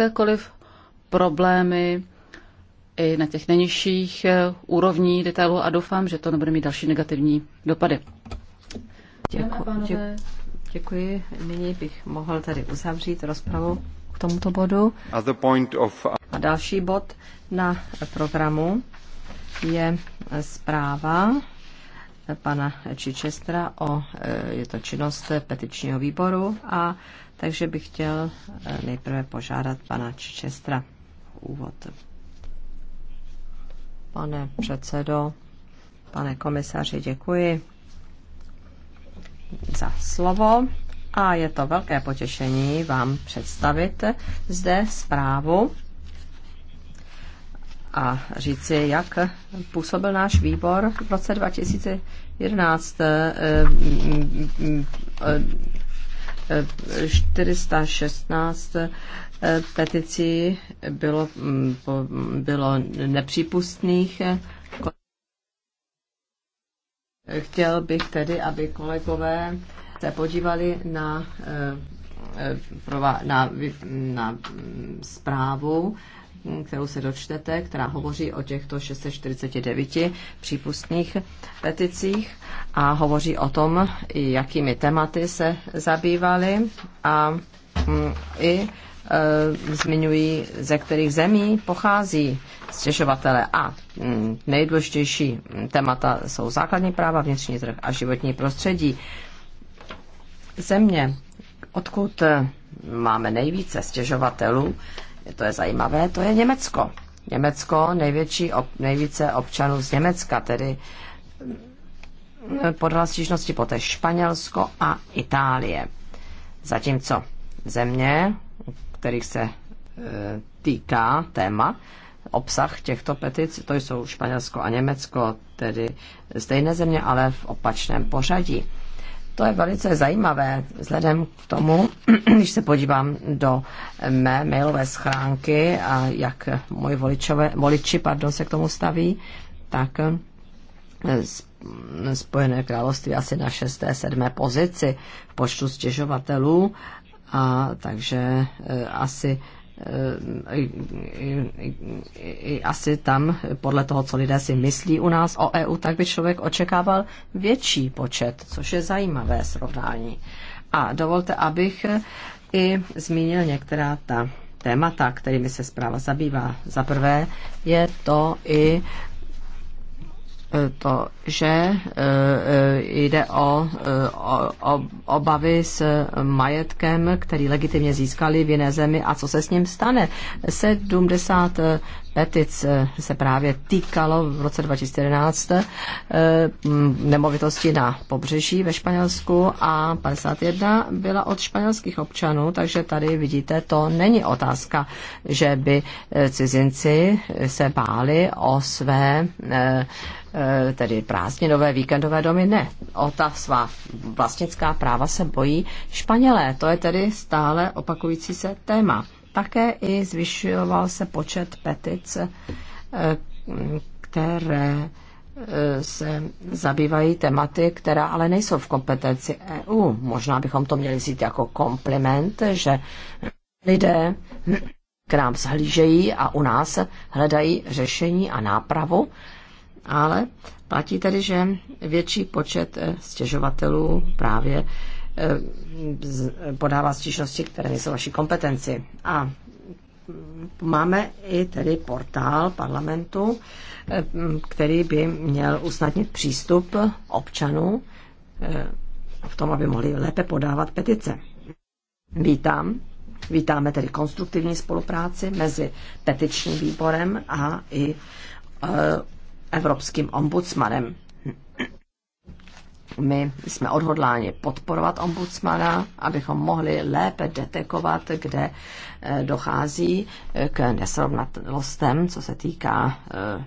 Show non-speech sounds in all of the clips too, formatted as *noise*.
jakékoliv problémy i na těch nejnižších eh, úrovní detailu a doufám, že to nebude mít další negativní dopady. Děkuji. Děkuji. Děkuji. Nyní bych mohl tady uzavřít rozpravu k tomuto bodu. A další bod na programu je zpráva pana Čičestra o, eh, je to činnost petičního výboru a takže bych chtěl eh, nejprve požádat pana Čestra úvod. Pane předsedo, pane komisaři, děkuji za slovo a je to velké potěšení vám představit zde zprávu a říci, jak působil náš výbor v roce 2011. Eh, 416 eh, peticí bylo, mm, bylo nepřípustných. Chtěl bych tedy, aby kolegové se podívali na, eh, eh, na, na mm, zprávu kterou se dočtete, která hovoří o těchto 649 přípustných peticích a hovoří o tom, jakými tématy se zabývali a mm, i e, zmiňují, ze kterých zemí pochází stěžovatele. A mm, nejdůležitější témata jsou základní práva, vnitřní trh a životní prostředí. Země, odkud máme nejvíce stěžovatelů, to je zajímavé, to je Německo. Německo, největší, nejvíce občanů z Německa, tedy mm, podle stížnosti poté Španělsko a Itálie. Zatímco země, kterých se e, týká téma, obsah těchto petic, to jsou Španělsko a Německo, tedy stejné země, ale v opačném pořadí. To je velice zajímavé, vzhledem k tomu, *clears throat* když se podívám do mé mailové schránky a jak moji voličové, voliči pardon, se k tomu staví, tak eh, Spojené království asi na šesté, sedmé pozici v počtu stěžovatelů a takže eh, asi asi tam, podle toho, co lidé si myslí u nás o EU, tak by člověk očekával větší počet, což je zajímavé srovnání. A dovolte, abych i zmínil některá ta témata, kterými se zpráva zabývá. Za prvé je to i to, že eh, jde eh, o, obavy s majetkem, který legitimně získali v jiné zemi a co se s ním stane. 70 petic eh, se právě týkalo v roce 2011 eh, mm, nemovitosti na pobřeží ve Španělsku a 51 byla od španělských občanů, takže tady vidíte, to není otázka, že by eh, cizinci se báli o své tedy prázdninové víkendové domy. Ne, o ta svá vlastnická práva se bojí Španělé. To je tedy stále opakující se téma. Také i zvyšoval se počet petic, eh, které eh, se zabývají tematy, která ale nejsou v kompetenci EU. Možná bychom to měli vzít jako kompliment, že lidé k nám zhlížejí a u nás hledají řešení a nápravu, ale platí tedy, že větší počet eh, stěžovatelů právě podává stížnosti, které nejsou vaší kompetenci. A máme i tedy portál parlamentu, který by měl usnadnit přístup občanů eh, v tom, aby mohli lépe podávat petice. Vítám. Vítáme tedy konstruktivní spolupráci mezi petičním výborem a i eh, Evropským ombudsmanem my jsme odhodláni podporovat ombudsmana, abychom mohli lépe detekovat, kde eh, dochází eh, k nesrovnatelnostem, co se týká eh,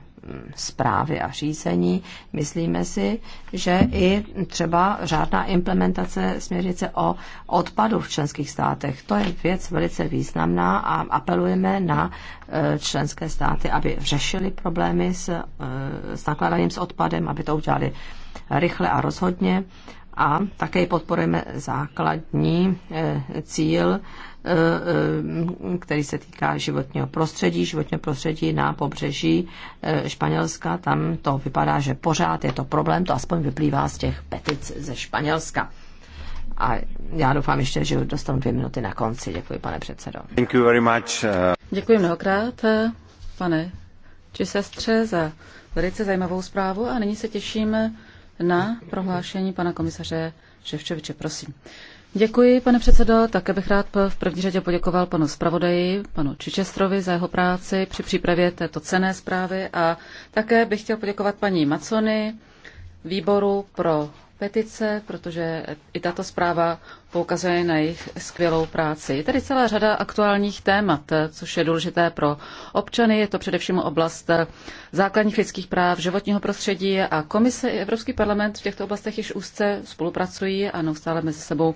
zprávy a řízení. Myslíme si, že i třeba řádná implementace směrnice o odpadu v členských státech, to je věc velice významná a apelujeme na e, členské státy, aby řešili problémy s, e, s nakládáním s odpadem, aby to udělali rychle a rozhodně a také podporujeme základní eh, cíl, eh, eh, který se týká životního prostředí, životního prostředí na pobřeží Španělska. Tam to vypadá, že pořád je to problém, to aspoň vyplývá z těch petic ze Španělska. A já doufám ještě, že dostanu dvě minuty na konci. Děkuji, pane předsedo. Thank you very much. Uh, Děkuji mnohokrát, pane či sestře, za velice zajímavou zprávu a nyní se těšíme na prohlášení pana komisaře Ševčoviče. Prosím. Děkuji, pane předsedo. Také bych rád v první řadě poděkoval panu zpravodaji, panu Čičestrovi za jeho práci při přípravě této cené zprávy a také bych chtěl poděkovat paní Macony, výboru pro petice, protože i tato zpráva poukazuje na jejich skvělou práci. Je tady celá řada aktuálních témat, což je důležité pro občany. Je to především oblast základních lidských práv, životního prostředí a komise i Evropský parlament v těchto oblastech již úzce spolupracují a neustále mezi sebou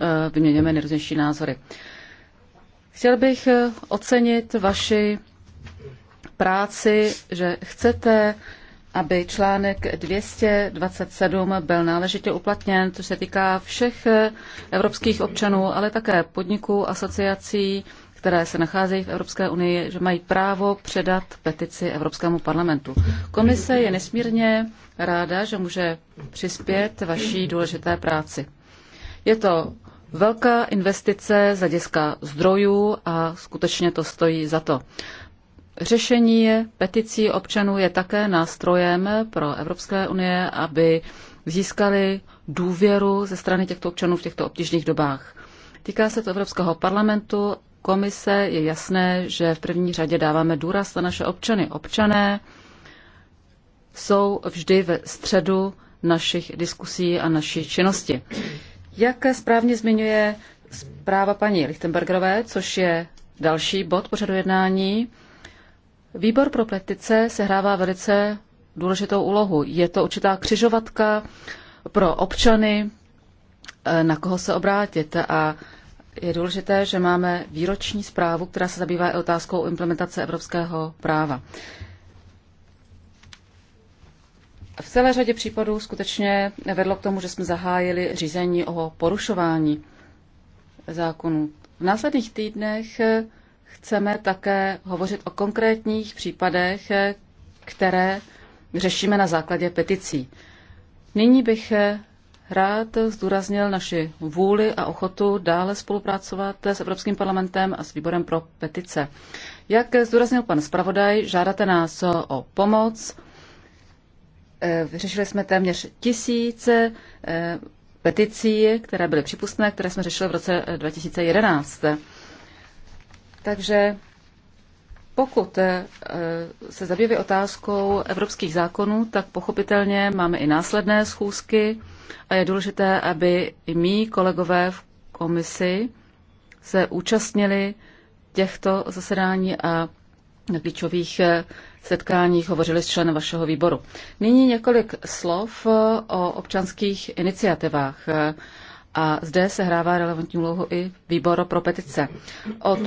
eh, vyměňujeme nejrůznější názory. Chtěl bych eh, ocenit vaši práci, že chcete aby článek 227 byl náležitě uplatněn, což se týká všech evropských občanů, ale také podniků, asociací, které se nacházejí v Evropské unii, že mají právo předat petici Evropskému parlamentu. Komise je nesmírně ráda, že může přispět vaší důležité práci. Je to velká investice z hlediska zdrojů a skutečně to stojí za to. Řešení peticí občanů je také nástrojem pro Evropské unie, aby získali důvěru ze strany těchto občanů v těchto obtížných dobách. Týká se to Evropského parlamentu, komise, je jasné, že v první řadě dáváme důraz na naše občany. Občané jsou vždy ve středu našich diskusí a naší činnosti. Jak správně zmiňuje zpráva paní Lichtenbergerové, což je další bod pořadu jednání, Výbor pro petice sehrává velice důležitou úlohu. Je to určitá křižovatka pro občany, eh, na koho se obrátit. A je důležité, že máme výroční zprávu, která se zabývá i otázkou implementace evropského práva. V celé řadě případů skutečně vedlo k tomu, že jsme zahájili řízení o porušování zákonů. V následných týdnech chceme také hovořit o konkrétních případech, které řešíme na základě peticí. Nyní bych rád zdůraznil naši vůli a ochotu dále spolupracovat s Evropským parlamentem a s výborem pro petice. Jak zdůraznil pan zpravodaj, žádáte nás o pomoc. Eh, vyřešili jsme téměř tisíce eh, peticí, které byly přípustné, které jsme řešili v roce 2011. Eh, takže pokud eh, se zabývají otázkou evropských zákonů, tak pochopitelně máme i následné schůzky a je důležité, aby i mý kolegové v komisi se účastnili těchto zasedání a na klíčových eh, setkáních hovořili s členem vašeho výboru. Nyní několik slov eh, o občanských iniciativách. A zde se hrává relevantní úlohu i výbor pro petice. Od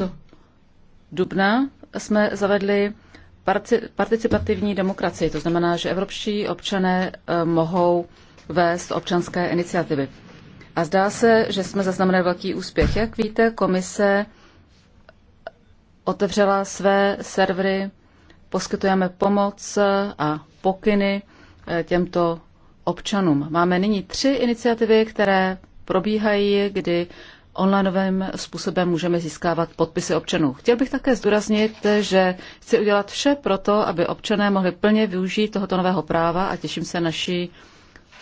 dubna jsme zavedli participativní demokracii. To znamená, že evropští občané eh, mohou vést občanské iniciativy. A zdá se, že jsme zaznamenali velký úspěch. Jak víte, komise otevřela své servery, poskytujeme pomoc a pokyny eh, těmto občanům. Máme nyní tři iniciativy, které probíhají, kdy onlineovým způsobem můžeme získávat podpisy občanů. Chtěl bych také zdůraznit, že chci udělat vše pro to, aby občané mohli plně využít tohoto nového práva a těším se naší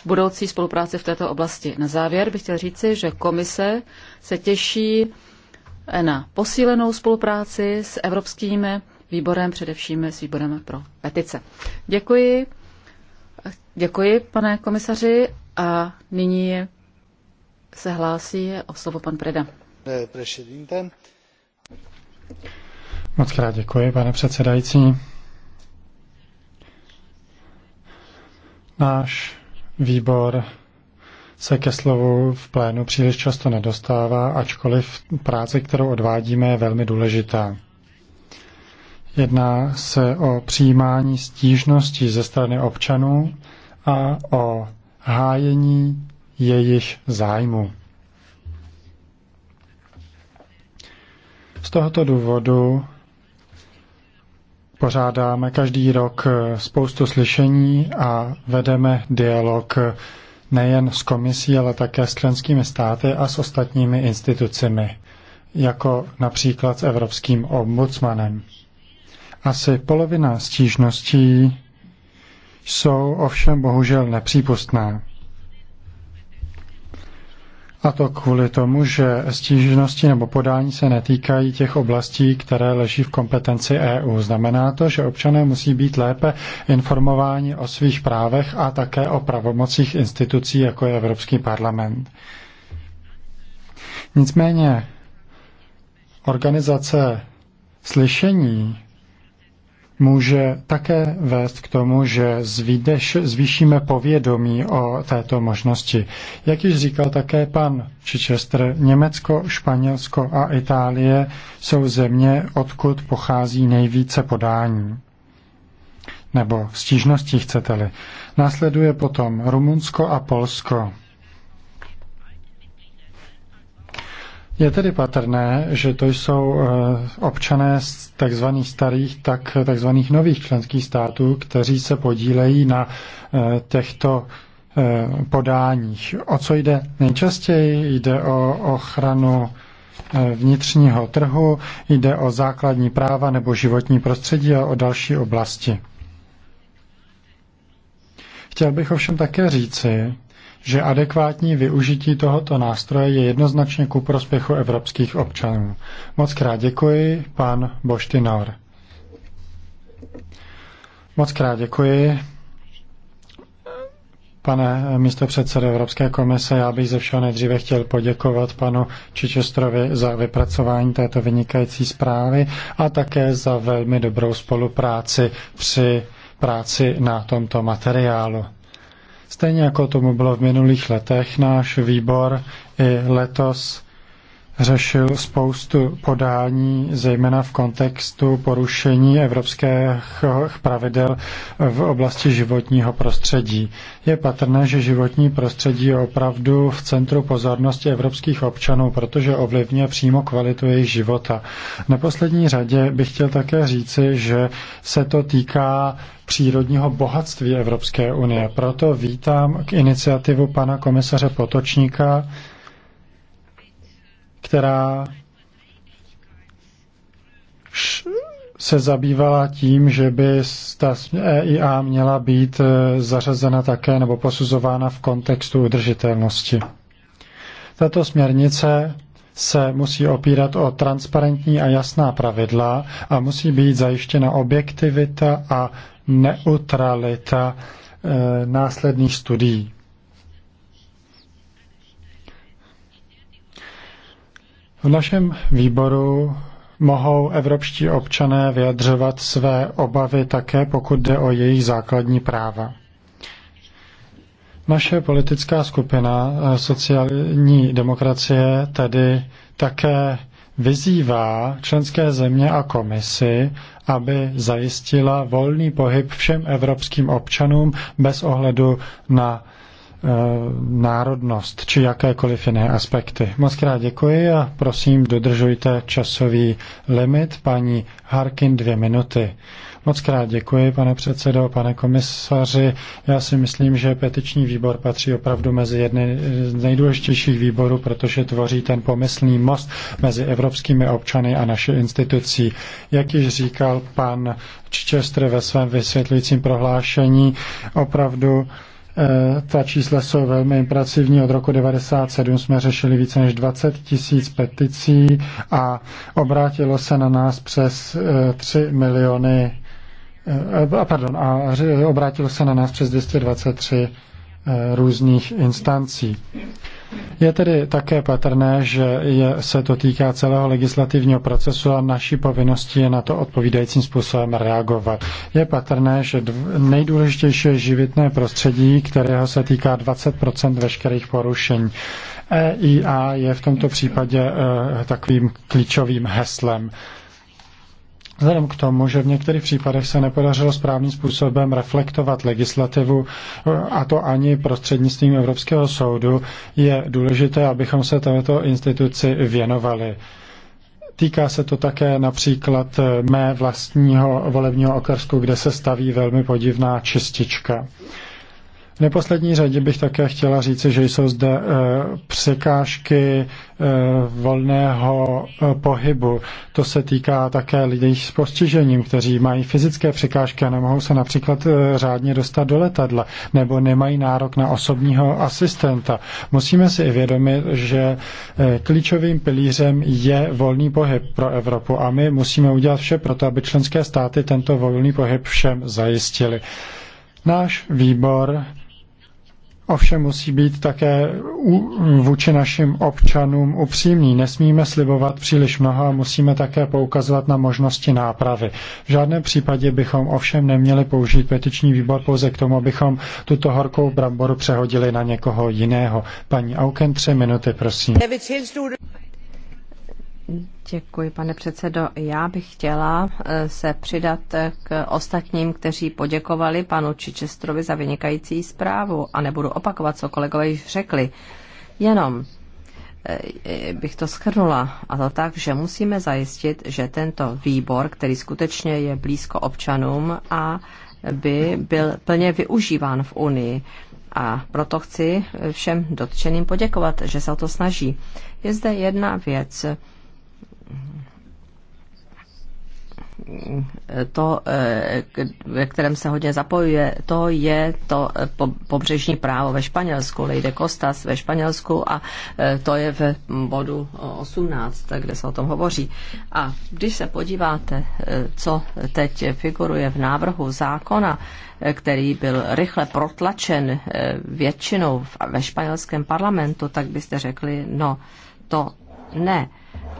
budoucí spolupráci v této oblasti. Na závěr bych chtěl říci, že komise se těší na posílenou spolupráci s Evropským výborem, především s výborem pro petice. Děkuji. Děkuji, pane komisaři. A nyní se hlásí o slovo pan Preda. Moc krát děkuji, pane předsedající. Náš výbor se ke slovu v plénu příliš často nedostává, ačkoliv práce, kterou odvádíme, je velmi důležitá. Jedná se o přijímání stížností ze strany občanů a o hájení jejich zájmu. Z tohoto důvodu pořádáme každý rok spoustu slyšení a vedeme dialog nejen s komisí, ale také s členskými státy a s ostatními institucemi, jako například s Evropským ombudsmanem. Asi polovina stížností jsou ovšem bohužel nepřípustná. A to kvůli tomu, že stížnosti nebo podání se netýkají těch oblastí, které leží v kompetenci EU. Znamená to, že občané musí být lépe informováni o svých právech a také o pravomocích institucí, jako je Evropský parlament. Nicméně organizace slyšení může také vést k tomu, že zvídeš, zvýšíme povědomí o této možnosti. Jak již říkal také pan Chichester, Německo, Španělsko a Itálie jsou země, odkud pochází nejvíce podání nebo stížností chcete-li. Následuje potom Rumunsko a Polsko. Je tedy patrné, že to jsou eh, občané z tzv. starých, tak tzv. nových členských států, kteří se podílejí na eh, těchto eh, podáních. O co jde? Nejčastěji jde o ochranu vnitřního trhu, jde o základní práva nebo životní prostředí a o další oblasti. Chtěl bych ovšem také říci, že adekvátní využití tohoto nástroje je jednoznačně ku prospěchu evropských občanů. Moc krát děkuji, pan Boštinor. Moc krát děkuji. Pane místo předsedo Evropské komise, já bych ze všeho nejdříve chtěl poděkovat panu Čičestrovi za vypracování této vynikající zprávy a také za velmi dobrou spolupráci při práci na tomto materiálu. Stejně jako tomu bylo v minulých letech, náš výbor i letos řešil spoustu podání, zejména v kontextu porušení evropských pravidel v oblasti životního prostředí. Je patrné, že životní prostředí je opravdu v centru pozornosti evropských občanů, protože ovlivňuje přímo kvalitu jejich života. Na poslední řadě bych chtěl také říci, že se to týká přírodního bohatství Evropské unie. Proto vítám k iniciativu pana komisaře Potočníka, která se zabývala tím, že by ta EIA měla být e, zařazena také nebo posuzována v kontextu udržitelnosti. Tato směrnice se musí opírat o transparentní a jasná pravidla a musí být zajištěna objektivita a neutralita e, následných studií. V našem výboru mohou evropští občané vyjadřovat své obavy také, pokud jde o jejich základní práva. Naše politická skupina eh, sociální demokracie tedy také vyzývá členské země a komisi, aby zajistila volný pohyb všem evropským občanům bez ohledu na Eh, národnost či jakékoliv jiné aspekty. Moc krát děkuji a prosím dodržujte časový limit. Paní Harkin dvě minuty. Moc krát děkuji, pane předsedo, pane komisaři. Já si myslím, že petiční výbor patří opravdu mezi jedny z nejdůležitějších výborů, protože tvoří ten pomyslný most mezi evropskými občany a naše institucí. Jak již říkal pan Chichester ve svém vysvětlujícím prohlášení, opravdu Eh, ta čísla jsou velmi impresivní. Od roku 1997 jsme řešili více než 20 tisíc peticí a obrátilo se na nás přes 3 eh, miliony eh, pardon, a obrátilo se na nás přes 223 různých instancí. Je tedy také patrné, že je, se to týká celého legislativního procesu a naší povinností je na to odpovídajícím způsobem reagovat. Je patrné, že dv, nejdůležitější je živitné prostředí, kterého se týká 20 veškerých porušení. EIA je v tomto případě e, takovým klíčovým heslem. Vzhledem k tomu, že v některých případech se nepodařilo správným způsobem reflektovat legislativu, a to ani prostřednictvím Evropského soudu, je důležité, abychom se této instituci věnovali. Týká se to také například mé vlastního volebního okrsku, kde se staví velmi podivná čistička. V neposlední řadě bych také chtěla říci, že jsou zde e, překážky e, volného e, pohybu. To se týká také lidí s postižením, kteří mají fyzické překážky a nemohou se například e, řádně dostat do letadla nebo nemají nárok na osobního asistenta. Musíme si i vědomit, že e, klíčovým pilířem je volný pohyb pro Evropu a my musíme udělat vše pro to, aby členské státy tento volný pohyb všem zajistili. Náš výbor Ovšem musí být také vůči našim občanům upřímní. Nesmíme slibovat příliš mnoho a musíme také poukazovat na možnosti nápravy. V žádném případě bychom ovšem neměli použít petiční výbor pouze k tomu, abychom tuto horkou bramboru přehodili na někoho jiného. Paní Auken, tři minuty, prosím. Děkuji, pane předsedo. Já bych chtěla eh, se přidat k ostatním, kteří poděkovali panu Čičestrovi za vynikající zprávu a nebudu opakovat, co kolegové již řekli. Jenom eh, eh, bych to schrnula a to tak, že musíme zajistit, že tento výbor, který skutečně je blízko občanům a by byl plně využíván v Unii. A proto chci všem dotčeným poděkovat, že se o to snaží. Je zde jedna věc, to, eh, ve kterém se hodně zapojuje, to je to eh, pobřežní právo ve Španělsku, Lejde Kostas ve Španělsku a eh, to je v bodu 18, kde se o tom hovoří. A když se podíváte, co teď figuruje v návrhu zákona, který byl rychle protlačen většinou ve španělském parlamentu, tak byste řekli, no to ne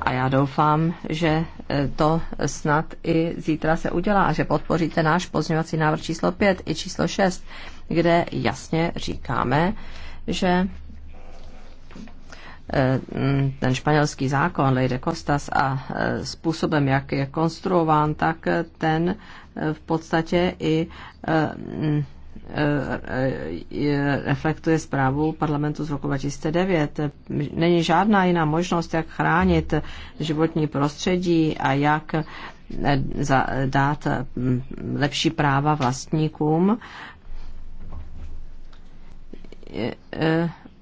a já doufám, že e, to snad i zítra se udělá a že podpoříte náš pozměňovací návrh číslo 5 i číslo 6, kde jasně říkáme, že e, ten španělský zákon Ley de Costas a e, způsobem, jak je konstruován, tak ten v podstatě i Eh, eh, reflektuje zprávu parlamentu z roku 2009. Není žádná jiná možnost, jak chránit životní prostředí a jak eh, dát mm, lepší práva vlastníkům,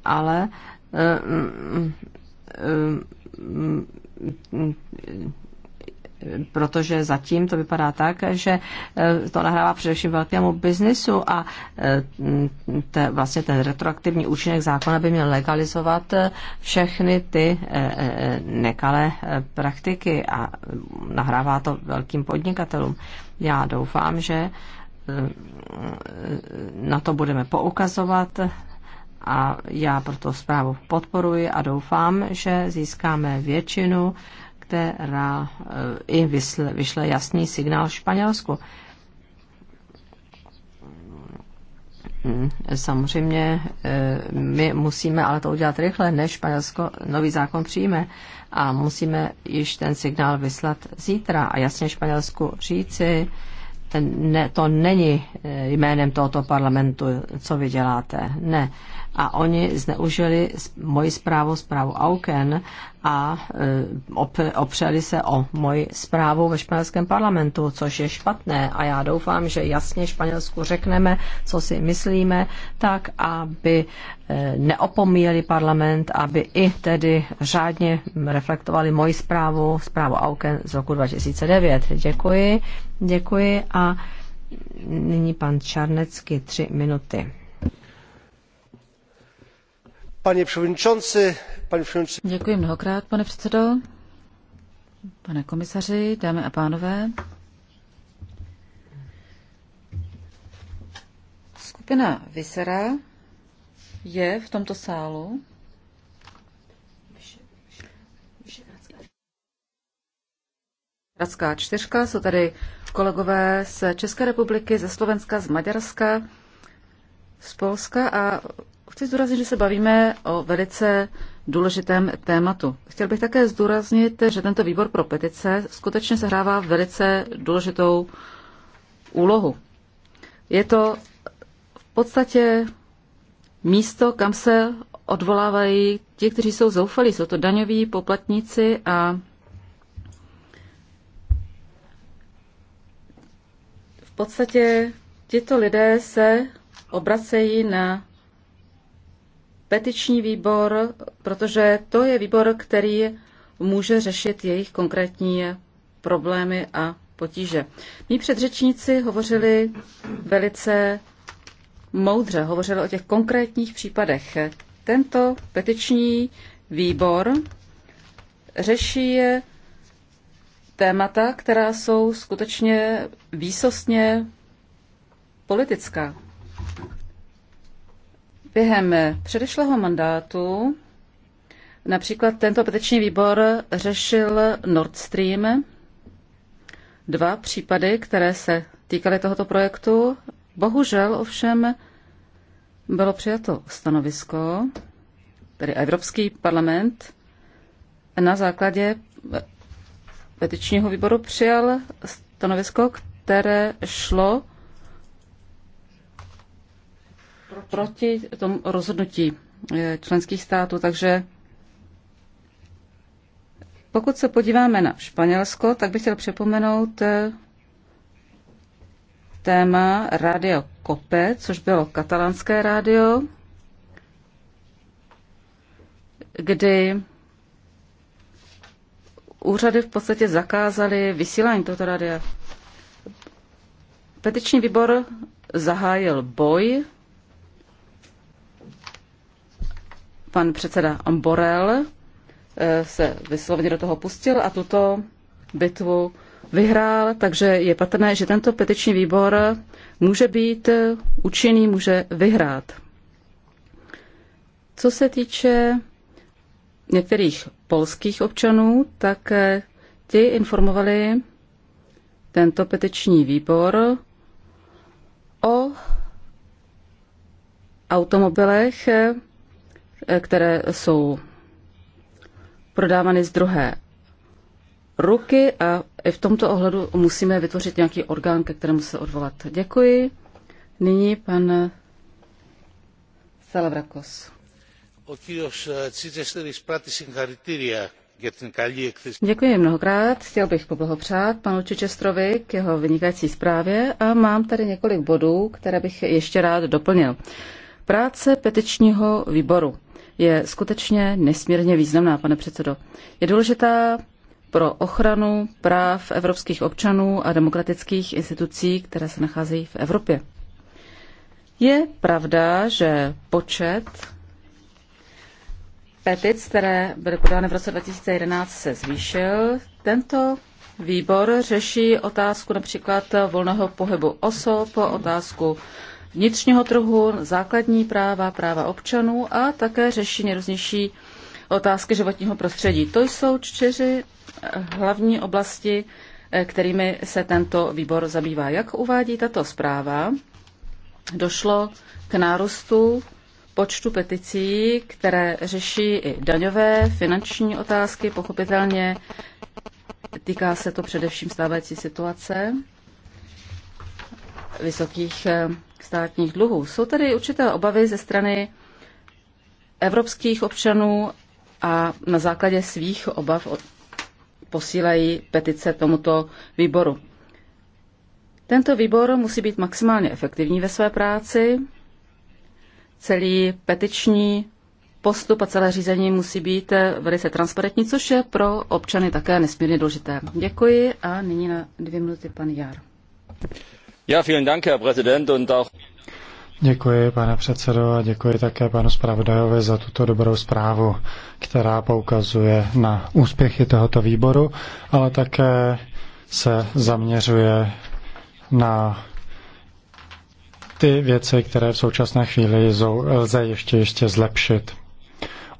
ale mm, mm, protože zatím to vypadá tak, že eh, to nahrává především velkému biznisu a eh, te, vlastně ten retroaktivní účinek zákona by měl legalizovat eh, všechny ty nekalé praktiky a nahrává to velkým podnikatelům. Já doufám, že na to budeme poukazovat a já proto zprávu podporuji a doufám, že získáme většinu která eh, i vysle, vyšle jasný signál Španělsku. Hmm, samozřejmě eh, my musíme ale to udělat rychle, než Španělsko nový zákon přijme a musíme již ten signál vyslat zítra a jasně Španělsku říci, ne, to není eh, jménem tohoto parlamentu, co vy děláte. Ne, a oni zneužili moji zprávu, zprávu Auken a e, opřeli se o moji zprávu ve španělském parlamentu, což je špatné a já doufám, že jasně Španělsku řekneme, co si myslíme, tak aby e, neopomíjeli parlament, aby i tedy řádně reflektovali moji zprávu, zprávu Auken z roku 2009. Děkuji, děkuji a nyní pan Čarnecky tři minuty. Pane předsedající, pane komisaři dámy a pánové předsedající. Děkuji mnohokrát, pane předsedo. Pane komisaři, dámy a pánové. Skupina Visera je v tomto sále visegrádská čtyřka, jsou tady kolegové z České republiky, ze Slovenska, z Maďarska, z Polska a Chci zdůraznit, že se bavíme o velice důležitém tématu. Chtěl bych také zdůraznit, že tento výbor pro petice skutečně sehrává velice důležitou úlohu. Je to v podstatě místo, kam se odvolávají ti, kteří jsou zoufalí. Jsou to daňoví poplatníci a v podstatě tito lidé se obracejí na petiční výbor, protože to je výbor, který může řešit jejich konkrétní problémy a potíže. Mí předřečníci hovořili velice moudře, hovořili o těch konkrétních případech. Tento petiční výbor řeší témata, která jsou skutečně výsostně politická. Během předešlého mandátu například tento petiční výbor řešil Nord Stream, dva případy, které se týkaly tohoto projektu. Bohužel ovšem bylo přijato stanovisko, tedy Evropský parlament na základě petičního výboru přijal stanovisko, které šlo proti tomu rozhodnutí eh, členských států. Takže pokud se podíváme na Španělsko, tak bych chtěl připomenout eh, téma Radio Kope, což bylo katalánské rádio, kdy úřady v podstatě zakázaly vysílání tohoto rádia. Petiční výbor zahájil boj Pan předseda Borel eh, se vyslovně do toho pustil a tuto bitvu vyhrál, takže je patrné, že tento petiční výbor může být eh, účinný, může vyhrát. Co se týče některých polských občanů, tak eh, ti informovali tento petiční výbor o automobilech, Eh, které jsou prodávány z druhé ruky a i v tomto ohledu musíme vytvořit nějaký orgán, ke kterému se odvolat. Děkuji. Nyní pan Salavrakos. Děkuji mnohokrát. Chtěl bych poblahopřát panu Čečestrovi k jeho vynikající zprávě a mám tady několik bodů, které bych ještě rád doplnil. Práce petičního výboru je skutečně nesmírně významná, pane předsedo. Je důležitá pro ochranu práv evropských občanů a demokratických institucí, které se nacházejí v Evropě. Je pravda, že počet petic, které byly podány v roce 2011, se zvýšil. Tento výbor řeší otázku například volného pohybu osob, otázku vnitřního trhu, základní práva, práva občanů a také řeší nejrůznější otázky životního prostředí. To jsou čtyři eh, hlavní oblasti, eh, kterými se tento výbor zabývá. Jak uvádí tato zpráva, došlo k nárůstu počtu peticí, které řeší i daňové, finanční otázky. Pochopitelně týká se to především stávající situace vysokých eh, státních dluhů. Jsou tady určité obavy ze strany evropských občanů a na základě svých obav posílají petice tomuto výboru. Tento výbor musí být maximálně efektivní ve své práci. Celý petiční postup a celé řízení musí být velice transparentní, což je pro občany také nesmírně důležité. Děkuji a nyní na dvě minuty pan Jar. Herr Präsident, und auch Děkuji, pane předsedo, a děkuji také panu zpravodajovi za tuto dobrou zprávu, která poukazuje na úspěchy tohoto výboru, ale také se zaměřuje na ty věci, které v současné chvíli lze ještě, ještě zlepšit.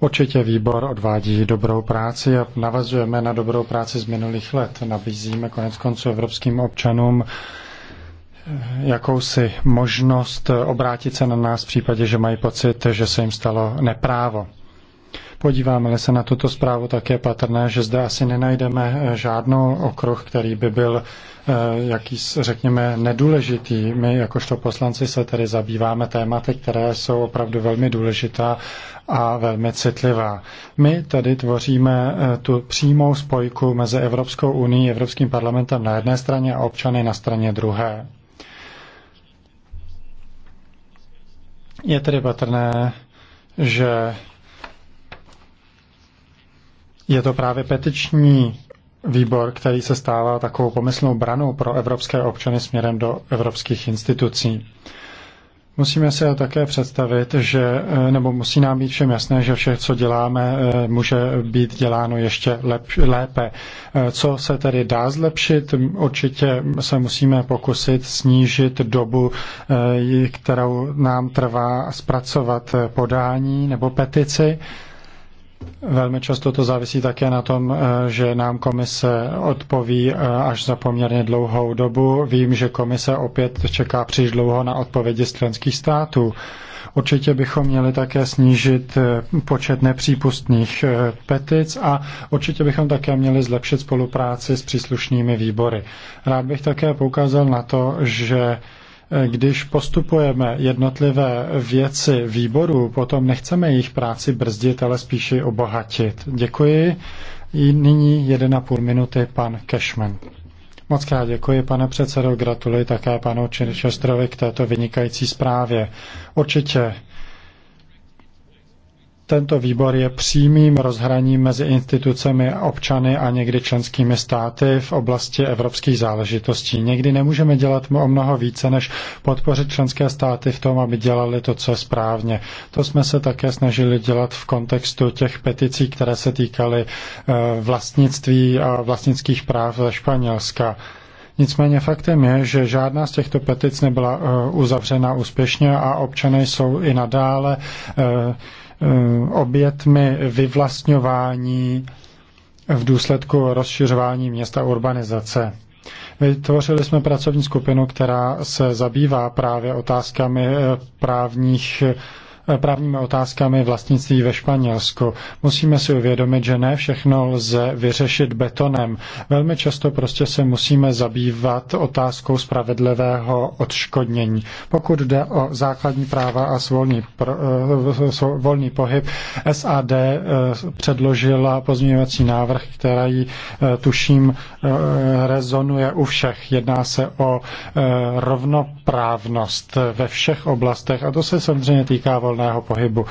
Určitě výbor odvádí dobrou práci a navazujeme na dobrou práci z minulých let. Nabízíme konec konců evropským občanům jakousi možnost obrátit se na nás v případě, že mají pocit, že se jim stalo neprávo. Podíváme-li se na tuto zprávu, tak je patrné, že zde asi nenajdeme žádnou okruh, který by byl eh, jaký, řekněme, nedůležitý. My jakožto poslanci se tedy zabýváme tématy, které jsou opravdu velmi důležitá a velmi citlivá. My tedy tvoříme eh, tu přímou spojku mezi Evropskou unii, Evropským parlamentem na jedné straně a občany na straně druhé. Je tedy patrné, že je to právě petiční výbor, který se stává takovou pomyslnou branou pro evropské občany směrem do evropských institucí. Musíme se také představit, že, eh, nebo musí nám být všem jasné, že vše, co děláme, eh, může být děláno ještě lep, lépe. Eh, co se tedy dá zlepšit? Určitě se musíme pokusit snížit dobu, kterou nám trvá zpracovat podání nebo petici. Velmi často to závisí také na tom, eh, že nám komise odpoví eh, až za poměrně dlouhou dobu. Vím, že komise opět čeká příliš dlouho na odpovědi členských států. Určitě bychom měli také snížit eh, počet nepřípustných petic a určitě bychom také měli zlepšit spolupráci s příslušnými výbory. Rád bych také poukázal na to, že když postupujeme jednotlivé věci výboru, potom nechceme jejich práci brzdit, ale spíše obohatit. Děkuji. Nyní 1,5 minuty pan Cashman. Moc krát děkuji, pane předsedo, gratuluji také panu Čerčestrovi k této vynikající zprávě. Určitě tento výbor je přímým rozhraním mezi institucemi, občany a někdy členskými státy v oblasti evropských záležitostí. Někdy nemůžeme dělat o mnoho více, než podpořit členské státy v tom, aby dělali to, co je správně. To jsme se také snažili dělat v kontextu těch peticí, které se týkaly eh, vlastnictví a vlastnických práv ze Španělska. Nicméně faktem je, že žádná z těchto petic nebyla eh, uzavřena úspěšně a občané jsou i nadále eh, eh, obětmi vyvlastňování v důsledku rozšiřování města urbanizace. Vytvořili jsme pracovní skupinu, která se zabývá právě otázkami právních právními otázkami vlastnictví ve Španělsku. Musíme si uvědomit, že ne všechno lze vyřešit betonem. Velmi často prostě se musíme zabývat otázkou spravedlivého odškodnění. Pokud jde o základní práva a svolný, pro, eh, volný pohyb, SAD eh, předložila pozměňovací návrh, který eh, tuším rezonuje u všech. Jedná se o rovnoprávnost ve všech oblastech a to se samozřejmě týká volného volného pohybu.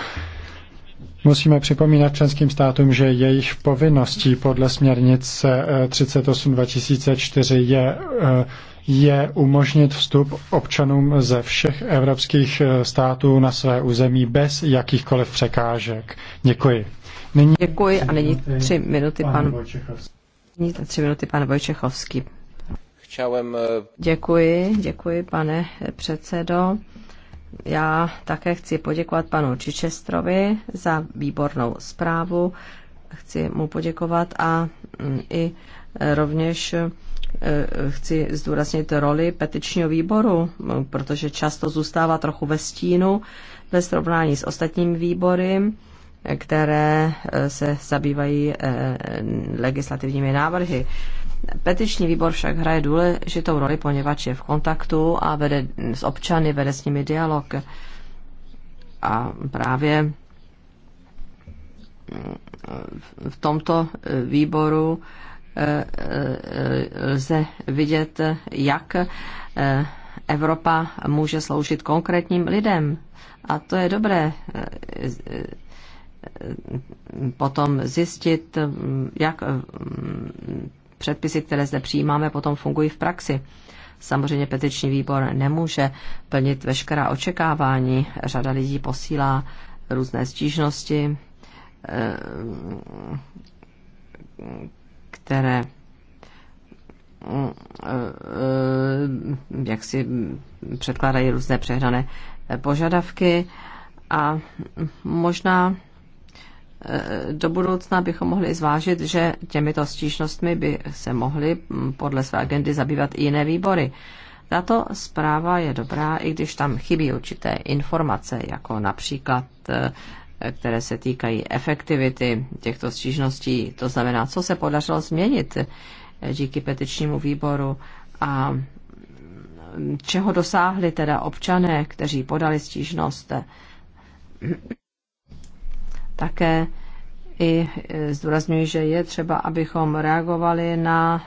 Musíme připomínat členským státům, že jejich povinností podle směrnice 38-2004 eh, je, eh, je umožnit vstup občanům ze všech evropských eh, států na své území bez jakýchkoliv překážek. Děkuji. Nyní... Děkuji a nyní tři minuty pan, pan nyní tři minuty pan Vojčechovský. Děkuji, děkuji pane předsedo. Já také chci poděkovat panu Čičestrovi za výbornou zprávu. Chci mu poděkovat a mm, i e, rovněž e, chci zdůraznit roli petičního výboru, protože často zůstává trochu ve stínu ve srovnání s ostatními výbory, e, které se zabývají legislativními návrhy. Petiční výbor však hraje důležitou roli, poněvadž je v kontaktu a vede s občany, vede s nimi dialog. A právě mm, v tomto výboru eh, eh, lze vidět, jak eh, Evropa může sloužit konkrétním lidem. A to je dobré potom zjistit, mm, jak mm, předpisy, které zde přijímáme, potom fungují v praxi. Samozřejmě petiční výbor nemůže plnit veškerá očekávání. Řada lidí posílá různé stížnosti, eh, které eh, eh, jak si předkládají různé přehrané požadavky a možná Eh, do budoucna bychom mohli zvážit, že těmito stížnostmi by se mohly hm, podle své agendy zabývat i jiné výbory. Tato zpráva je dobrá, i když tam chybí určité informace, jako například eh, které se týkají efektivity těchto stížností, to znamená, co se podařilo změnit eh, díky petičnímu výboru a hm, čeho dosáhli teda občané, kteří podali stížnost. Také i e, zdůrazňuji, že je třeba, abychom reagovali na,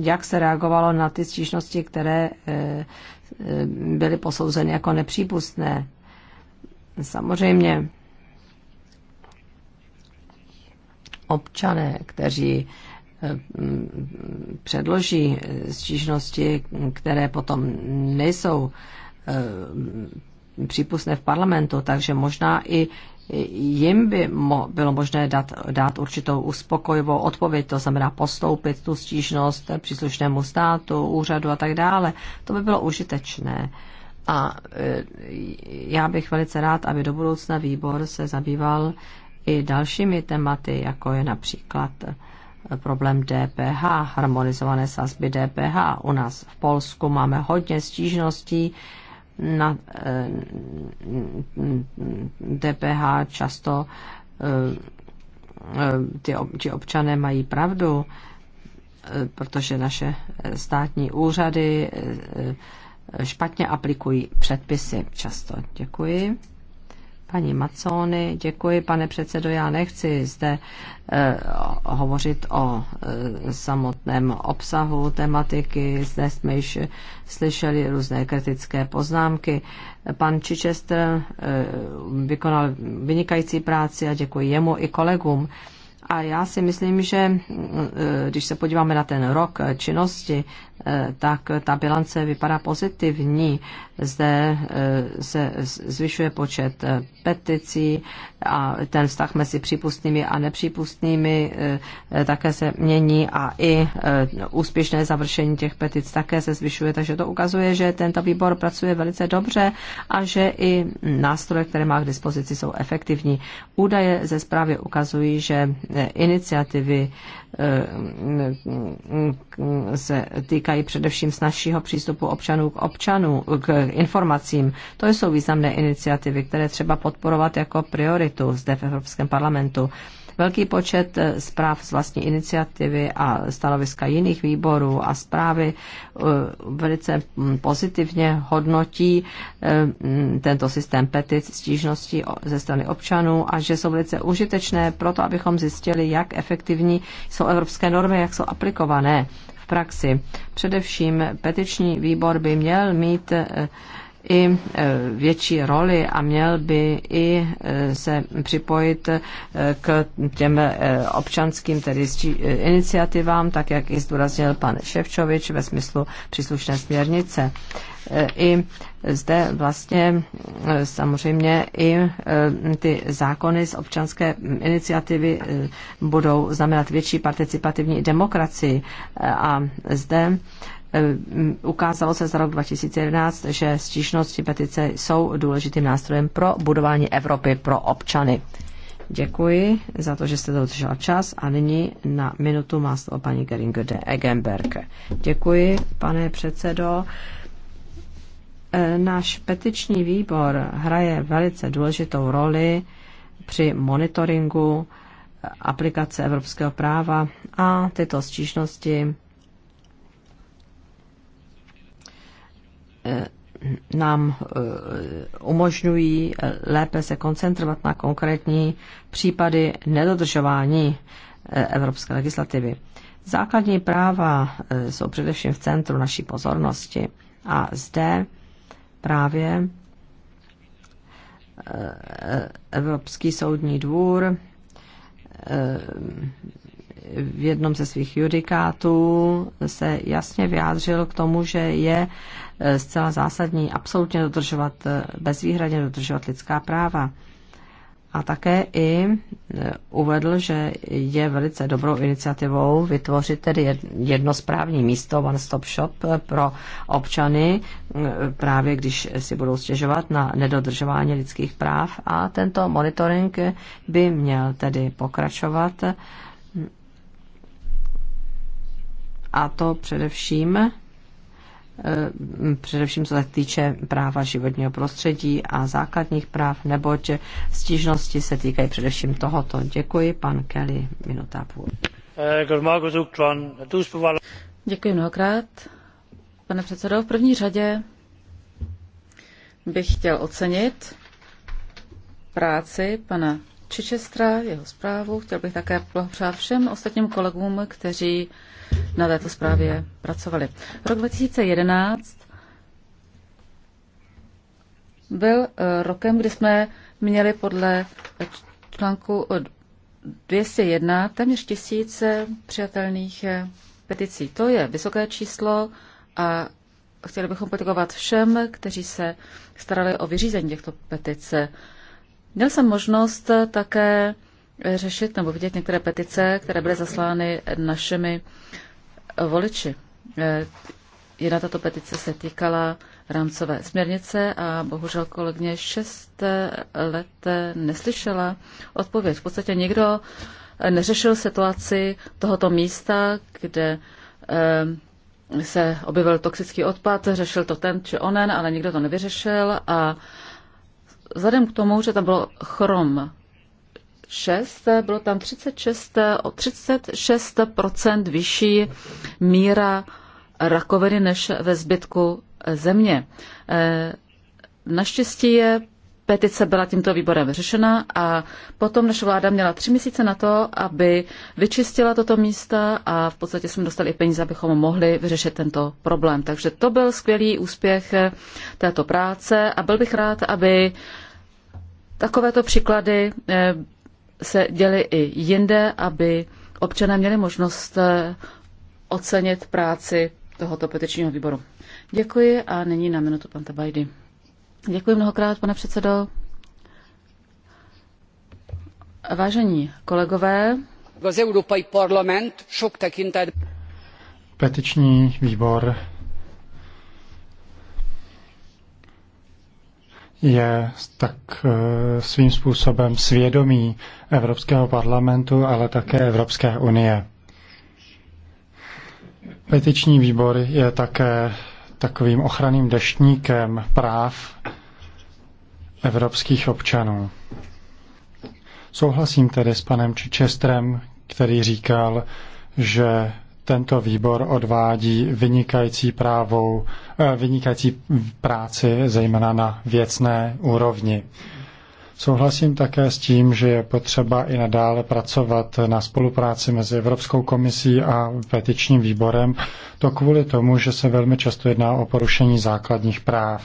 jak se reagovalo na ty stížnosti, které e, e, byly posouzeny jako nepřípustné. Samozřejmě občané, kteří předloží stížnosti, které potom nejsou přípustné v parlamentu, takže možná i jim by mo, bylo možné dát, dát určitou uspokojivou odpověď, to znamená postoupit tu stížnost příslušnému státu, úřadu a tak dále. To by bylo užitečné. A e, já bych velice rád, aby do budoucna výbor se zabýval i dalšími tématy, jako je například e, problém DPH, harmonizované sazby DPH. U nás v Polsku máme hodně stížností, na eh, DPH často eh, eh, ty, ti občané mají pravdu, protože naše státní úřady špatně aplikují předpisy často. Děkuji. Paní Macony, děkuji, pane předsedo. Já nechci zde eh, hovořit o eh, samotném obsahu tematiky. Zde jsme již slyšeli různé kritické poznámky. Pan Chichester eh, vykonal vynikající práci a děkuji jemu i kolegům. A já si myslím, že eh, když se podíváme na ten rok činnosti, Eh, tak ta bilance vypadá pozitivní. Zde eh, se zvyšuje počet eh, peticí a ten vztah mezi přípustnými a nepřípustnými také se mění a i úspěšné završení těch petic také se zvyšuje, takže to ukazuje, že tento výbor pracuje velice dobře a že i nástroje, které má k dispozici, jsou efektivní. Údaje ze zprávy ukazují, že iniciativy se týkají vynikají především z našího přístupu občanů k občanů, k informacím. To jsou významné iniciativy, které třeba podporovat jako prioritu zde v Evropském parlamentu. Velký počet zpráv z vlastní iniciativy a stanoviska jiných výborů a zprávy eh, velice pozitivně hodnotí eh, tento systém petic, stížností ze strany občanů a že jsou velice užitečné pro to, abychom zjistili, jak efektivní jsou evropské normy, jak jsou aplikované praxi. Především petiční výbor by měl mít eh, i e, větší roli a měl by i e, se připojit e, k těm občanským tedy iniciativám, tak jak i zdůraznil pan Ševčovič ve smyslu příslušné směrnice. I zde vlastně samozřejmě i ty zákony z občanské iniciativy budou znamenat větší participativní demokracii a zde Eh, ukázalo se za rok 2011, že stížnosti petice jsou důležitým nástrojem pro budování Evropy pro občany. Děkuji za to, že jste dodržela čas a nyní na minutu má slovo paní Geringer de Egenberg. Děkuji, pane předsedo. Eh, náš petiční výbor hraje velice důležitou roli při monitoringu aplikace evropského práva a tyto stížnosti nám eh, umožňují lépe se koncentrovat na konkrétní případy nedodržování eh, evropské legislativy. Základní práva eh, jsou především v centru naší pozornosti a zde právě Evropský soudní dvůr v jednom ze svých judikátů se jasně vyjádřil k tomu, že je e, zcela zásadní absolutně dodržovat, e, bezvýhradně dodržovat lidská práva. A také i e, uvedl, že je velice dobrou iniciativou vytvořit tedy jedno správní místo, one stop shop pro občany, právě když si budou stěžovat na nedodržování lidských práv. A tento monitoring by měl tedy pokračovat a to především eh, především co se týče práva životního prostředí a základních práv, neboť stížnosti se týkají především tohoto. Děkuji, pan Kelly, minuta půl. Děkuji mnohokrát. Pane předsedo, v první řadě bych chtěl ocenit práci pana Čičestra, jeho zprávu. Chtěl bych také blahopřát všem ostatním kolegům, kteří na této zprávě pracovali. Rok 2011 byl eh, rokem, kdy jsme měli podle článku 201 téměř tisíce přijatelných eh, peticí. To je vysoké číslo a chtěli bychom poděkovat všem, kteří se starali o vyřízení těchto petice. Měl jsem možnost eh, také eh, řešit nebo vidět některé petice, které byly zaslány eh, našimi voliči. Jedna tato petice se týkala rámcové směrnice a bohužel kolegně šest let neslyšela odpověď. V podstatě nikdo neřešil situaci tohoto místa, kde se objevil toxický odpad, řešil to ten či onen, ale nikdo to nevyřešil a vzhledem k tomu, že tam bylo chrom 6, bylo tam 36, o 36 vyšší míra rakoviny než ve zbytku země. E, naštěstí je petice byla tímto výborem řešena a potom naše vláda měla tři měsíce na to, aby vyčistila toto místa a v podstatě jsme dostali i peníze, abychom mohli vyřešit tento problém. Takže to byl skvělý úspěch této práce a byl bych rád, aby takovéto příklady eh, se děly i jinde, aby občané měli možnost eh, ocenit práci tohoto petičního výboru. Děkuji a nyní na minutu pan Tabajdy. Děkuji mnohokrát, pane předsedo. Vážení kolegové, az Európai Parlament sok tekintet... Petiční výbor je tak eh, svým způsobem svědomí Evropského parlamentu, ale také Evropské unie. Petiční výbor je také takovým ochranným deštníkem práv evropských občanů. Souhlasím tedy s panem Čičestrem, který říkal, že tento výbor odvádí vynikající, právou, eh, vynikající práci, zejména na věcné úrovni. Souhlasím také s tím, že je potřeba i nadále pracovat na spolupráci mezi Evropskou komisí a petičním výborem, to kvůli tomu, že se velmi často jedná o porušení základních práv.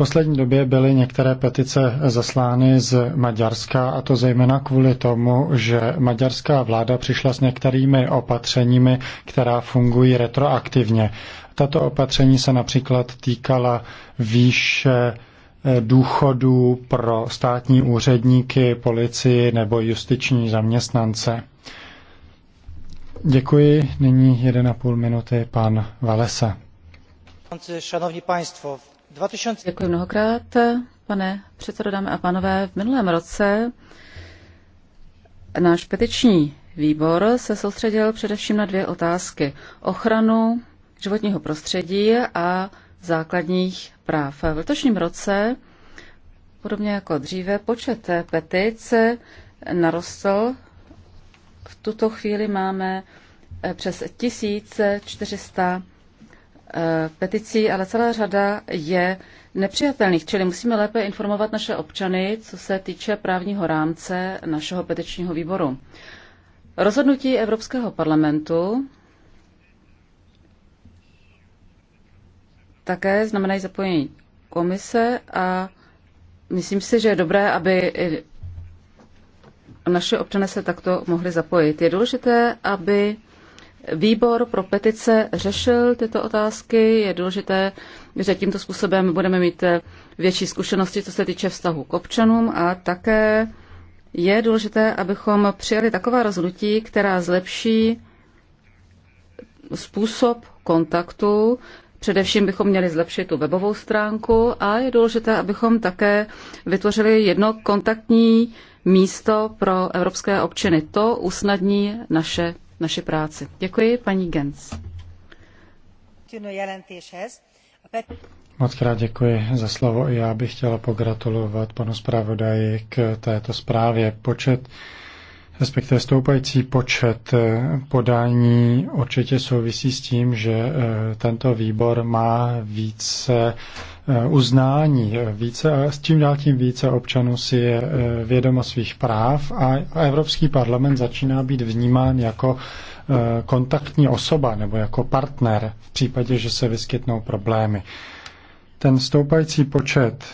poslední době byly některé petice zaslány z Maďarska, a to zejména kvůli tomu, že maďarská vláda přišla s některými opatřeními, která fungují retroaktivně. Tato opatření se například týkala výše eh, důchodů pro státní úředníky, policii nebo justiční zaměstnance. Děkuji. Nyní 1,5 minuty pan Valesa. Szanowni Państwo, Děkuji mnohokrát, pane předsedo, dámy a pánové. V minulém roce náš petiční výbor se soustředil především na dvě otázky. Ochranu životního prostředí a základních práv. V letošním roce, podobně jako dříve, počet petic narostl. V tuto chvíli máme přes 1400 Eh, peticí, ale celá řada je nepřijatelných, čili musíme lépe informovat naše občany, co se týče právního rámce našeho petičního výboru. Rozhodnutí Evropského parlamentu také znamenají zapojení komise a myslím si, že je dobré, aby naše občané se takto mohli zapojit. Je důležité, aby výbor pro petice řešil tyto otázky. Je důležité, že tímto způsobem budeme mít větší zkušenosti, co se týče vztahu k občanům a také je důležité, abychom přijali taková rozhodnutí, která zlepší způsob kontaktu. Především bychom měli zlepšit tu webovou stránku a je důležité, abychom také vytvořili jedno kontaktní místo pro evropské občany. To usnadní naše naši práci. Děkuji, paní Gens. Moc krát děkuji za slovo. Já bych chtěla pogratulovat panu zpravodaji k této zprávě. Počet respektive stoupající počet eh, podání určitě souvisí s tím, že eh, tento výbor má více eh, uznání. Více, s tím dál tím více občanů si je vědomo svých práv a Evropský parlament začíná být vnímán jako kontaktní osoba nebo jako partner v případě, že se vyskytnou problémy. Ten stoupající počet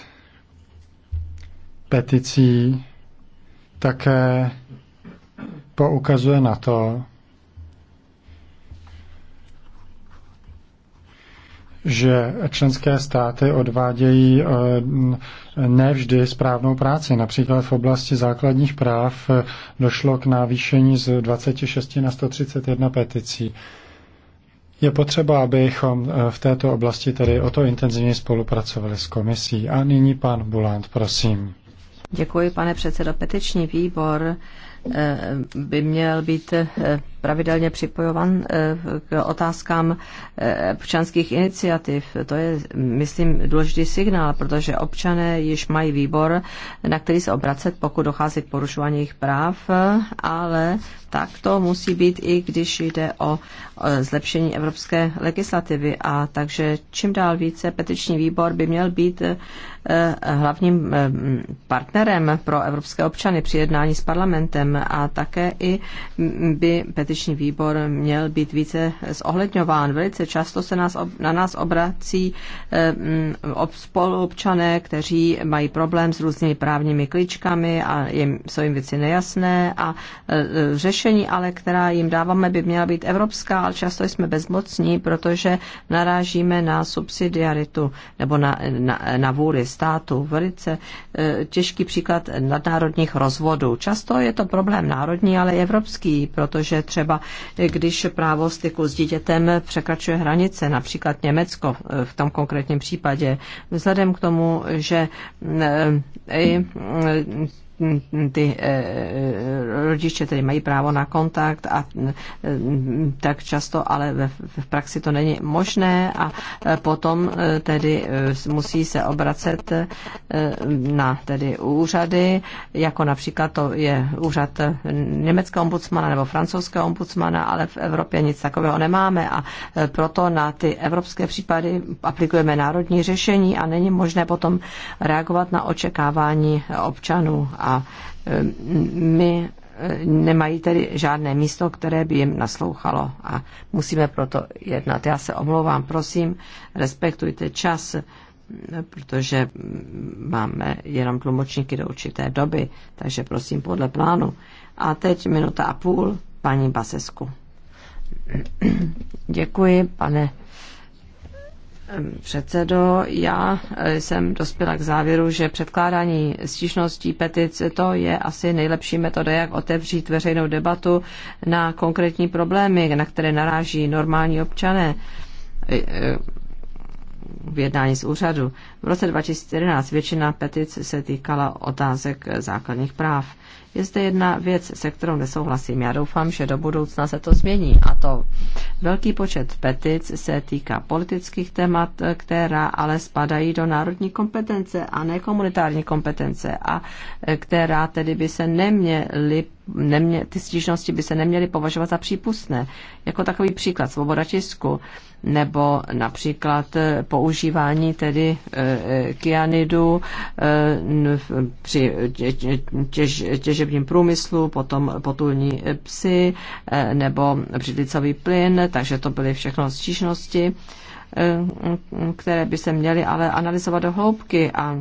peticí také poukazuje na to, že členské státy odvádějí eh, nevždy správnou práci. Například v oblasti základních práv eh, došlo k návýšení z 26 na 131 peticí. Je potřeba, abychom eh, v této oblasti tedy o to intenzivně spolupracovali s komisí. A nyní pan Bulant, prosím. Děkuji, pane předsedo. Petiční výbor Eh, by měl být eh, pravidelně připojovan eh, k otázkám eh, občanských iniciativ. To je, myslím, důležitý signál, protože občané již mají výbor, na který se obracet, pokud dochází k porušování jejich práv, ale tak to musí být i když jde o eh, zlepšení evropské legislativy. A takže čím dál více petiční výbor by měl být hlavním partnerem pro evropské občany při jednání s parlamentem a také i mm, by petiční petiční výbor měl být více zohledňován. Velice často se nás, na nás obrací eh, mm, spoluobčané, kteří mají problém s různými právními kličkami a jim, jsou jim věci nejasné a eh, eh, řešení, ale která jim dáváme, by měla být evropská, ale často jsme bezmocní, protože narážíme na subsidiaritu nebo na, na, na vůli státu. Velice těžký příklad nadnárodních rozvodů. Často je to problém národní, ale i evropský, protože třeba třeba když právo styku s dítětem překračuje hranice, například Německo eh, v tom konkrétním případě. Vzhledem k tomu, že mm, eh, i mm, ty eh, eh, rodiče tedy mají právo na kontakt a eh, tak často, ale v praxi to není možné a potom tedy musí se obracet na tedy úřady, jako například to je úřad německého ombudsmana nebo francouzského ombudsmana, ale v Evropě nic takového nemáme a proto na ty evropské případy aplikujeme národní řešení a není možné potom reagovat na očekávání občanů a a e, my e, nemají tedy žádné místo, které by jim naslouchalo a musíme proto jednat. Já se omlouvám, prosím, respektujte čas, protože máme jenom tlumočníky do určité doby, takže prosím podle plánu. A teď minuta a půl paní Basesku. Děkuji, pane Ehm, předsedo, já eh, jsem dospěla k závěru, že předkládání stížností petic to je asi nejlepší metoda, jak otevřít veřejnou debatu na konkrétní problémy, na které naráží normální občané eh, eh, v jednání z úřadu. V roce 2014 většina petic se týkala otázek základních práv. Je zde jedna věc, se kterou nesouhlasím. Já doufám, že do budoucna se to změní. A to velký počet petic se týká politických témat, která ale spadají do národní kompetence a ne komunitární kompetence a která tedy by se neměly nemě, ty stížnosti by se neměly považovat za přípustné. Jako takový příklad svoboda tisku nebo například eh, používání tedy eh, eh, kyanidu při těž, těžebním průmyslu, potom potulní psy nebo břidlicový plyn, takže to byly všechno stížnosti, které by se měly ale analyzovat do hloubky a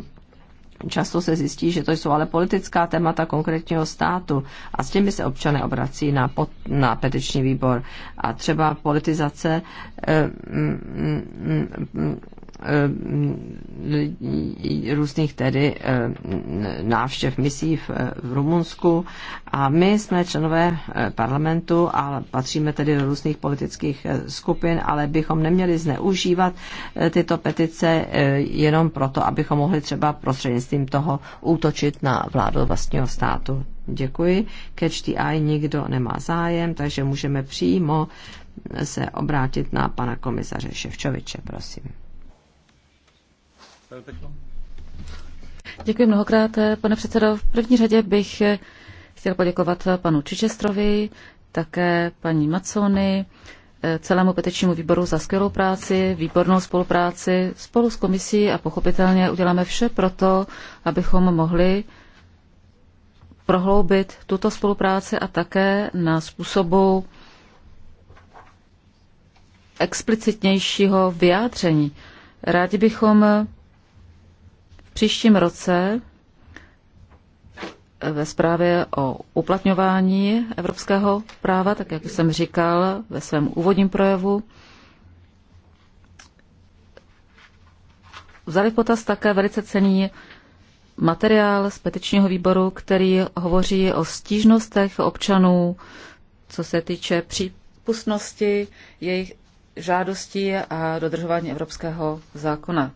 Často se zjistí, že to jsou ale politická témata konkrétního státu a s těmi se občané obrací na, pot, na petiční výbor. A třeba politizace eh, mm, mm, mm, Eh, eh, různých tedy eh, návštěv misí v, Rumunsku a my jsme členové parlamentu a patříme tedy do různých politických skupin, ale bychom neměli zneužívat tyto petice jenom proto, abychom mohli třeba prostřednictvím toho útočit na vládu vlastního státu. Děkuji. Catch the eye nikdo nemá zájem, takže můžeme přímo se obrátit na pana komisaře Ševčoviče, prosím. Děkuji mnohokrát, pane předsedo. V první řadě bych chtěl poděkovat panu Čičestrovi, také paní Macony, celému petičnímu výboru za skvělou práci, výbornou spolupráci spolu s komisí a pochopitelně uděláme vše pro to, abychom mohli prohloubit tuto spolupráci a také na způsobu explicitnějšího vyjádření. Rádi bychom příštím roce ve zprávě o uplatňování evropského práva, tak jak jsem říkal ve svém úvodním projevu, vzali potaz také velice cený materiál z petičního výboru, který hovoří o stížnostech občanů, co se týče přípustnosti jejich žádostí a dodržování evropského zákona.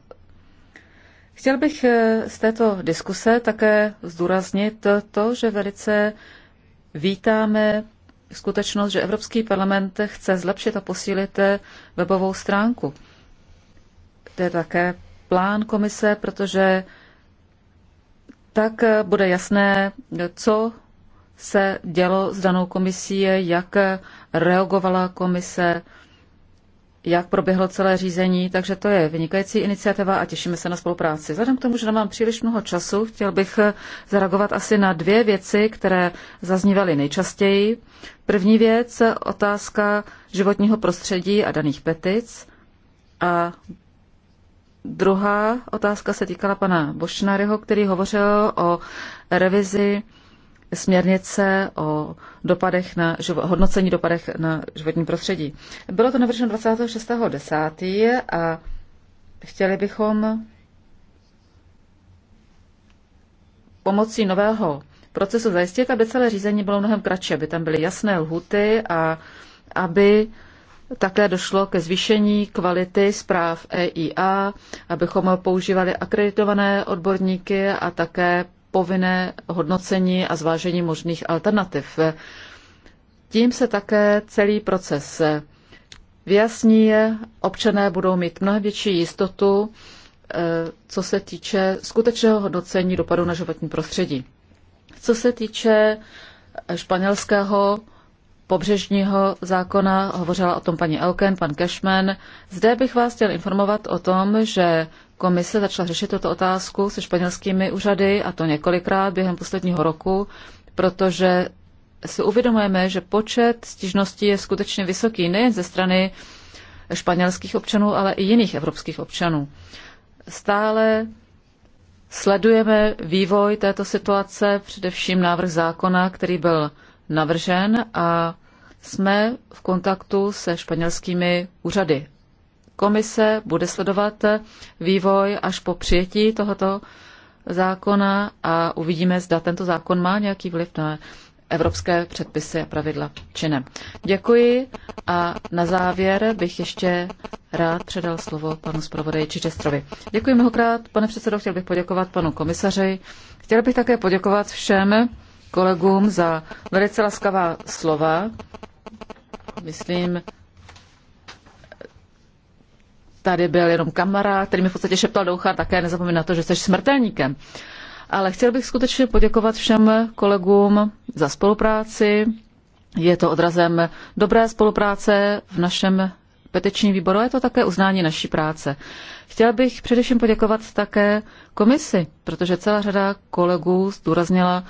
Chtěl bych eh, z této diskuse také zdůraznit to, že velice vítáme skutečnost, že Evropský parlament chce zlepšit a posílit eh, webovou stránku. To je také plán komise, protože tak eh, bude jasné, co se dělo s danou komisí, jak reagovala komise, jak proběhlo celé řízení, takže to je vynikající iniciativa a těšíme se na spolupráci. Vzhledem k tomu, že nemám příliš mnoho času, chtěl bych eh, zareagovat asi na dvě věci, které zaznívaly nejčastěji. První věc, otázka životního prostředí a daných petic. A druhá otázka se týkala pana Bošnaryho, který hovořil o revizi směrnice o dopadech na živo, hodnocení dopadech na životní prostředí. Bylo to navrženo 26.10. a chtěli bychom pomocí nového procesu zajistit, aby celé řízení bylo mnohem kratší, aby tam byly jasné lhuty a aby také došlo ke zvýšení kvality zpráv EIA, abychom používali akreditované odborníky a také povinné hodnocení a zvážení možných alternativ. Tím se také celý proces vyjasní, občané budou mít mnohem větší jistotu, eh, co se týče skutečného hodnocení dopadu na životní prostředí. Co se týče španělského pobřežního zákona, hovořila o tom paní Elken, pan Cashman. Zde bych vás chtěl informovat o tom, že komise začala řešit tuto otázku se španělskými úřady, a to několikrát během posledního roku, protože si uvědomujeme, že počet stížností je skutečně vysoký nejen ze strany španělských občanů, ale i jiných evropských občanů. Stále sledujeme vývoj této situace, především návrh zákona, který byl navržen a jsme v kontaktu se španělskými úřady. Komise bude sledovat vývoj až po přijetí tohoto zákona a uvidíme, zda tento zákon má nějaký vliv na evropské předpisy a pravidla činem. Děkuji a na závěr bych ještě rád předal slovo panu zpravodaji Čičestrovi. Děkuji mnohokrát, pane předsedo, chtěl bych poděkovat panu komisaři. Chtěl bych také poděkovat všem kolegům za velice laskavá slova, myslím, tady byl jenom kamera, který mi v podstatě šeptal do ucha, také nezapomeň na to, že jsi smrtelníkem. Ale chtěl bych skutečně poděkovat všem kolegům za spolupráci. Je to odrazem dobré spolupráce v našem petičním výboru, je to také uznání naší práce. Chtěl bych především poděkovat také komisi, protože celá řada kolegů zdůraznila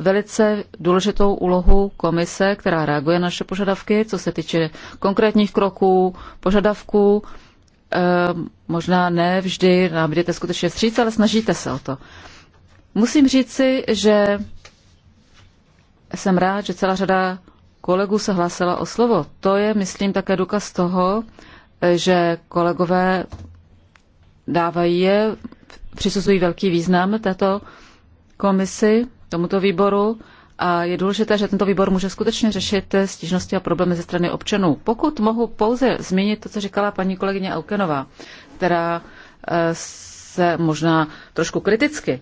velice důležitou úlohu komise, která reaguje na naše požadavky, co se týče konkrétních kroků, požadavků. E, možná ne vždy nám jdete skutečně stříc, ale snažíte se o to. Musím říci, že jsem rád, že celá řada kolegů se hlásila o slovo. To je, myslím, také důkaz toho, že kolegové dávají je, přisuzují velký význam této komisi tomuto výboru a je důležité, že tento výbor může skutečně řešit stížnosti a problémy ze strany občanů. Pokud mohu pouze zmínit to, co říkala paní kolegyně Aukenová, která eh, se možná trošku kriticky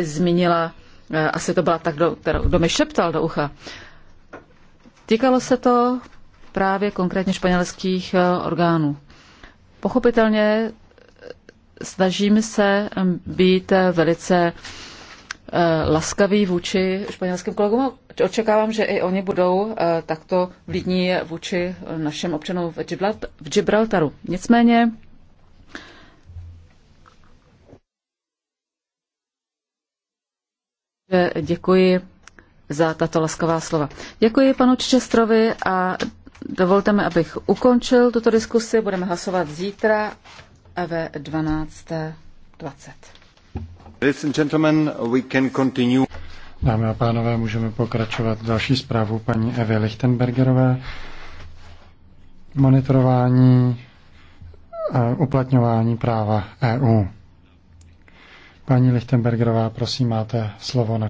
zmínila, eh, asi to byla tak, kdo, kdo mi šeptal do ucha. Týkalo se to právě konkrétně španělských eh, orgánů. Pochopitelně snažím se být velice Eh, laskaví vůči španělským kolegům. Očekávám, že i oni budou eh, takto vlídní vůči našem občanům v Gibraltaru. Nicméně eh, děkuji za tato laskavá slova. Děkuji panu Čestrovi a dovolte mi, abych ukončil tuto diskusi. Budeme hlasovat zítra ve 12.20. Dámy a pánové, můžeme pokračovat další zprávu paní Evy Lichtenbergerové. Monitorování a uplatňování práva EU. Paní Lichtenbergerová, prosím, máte slovo na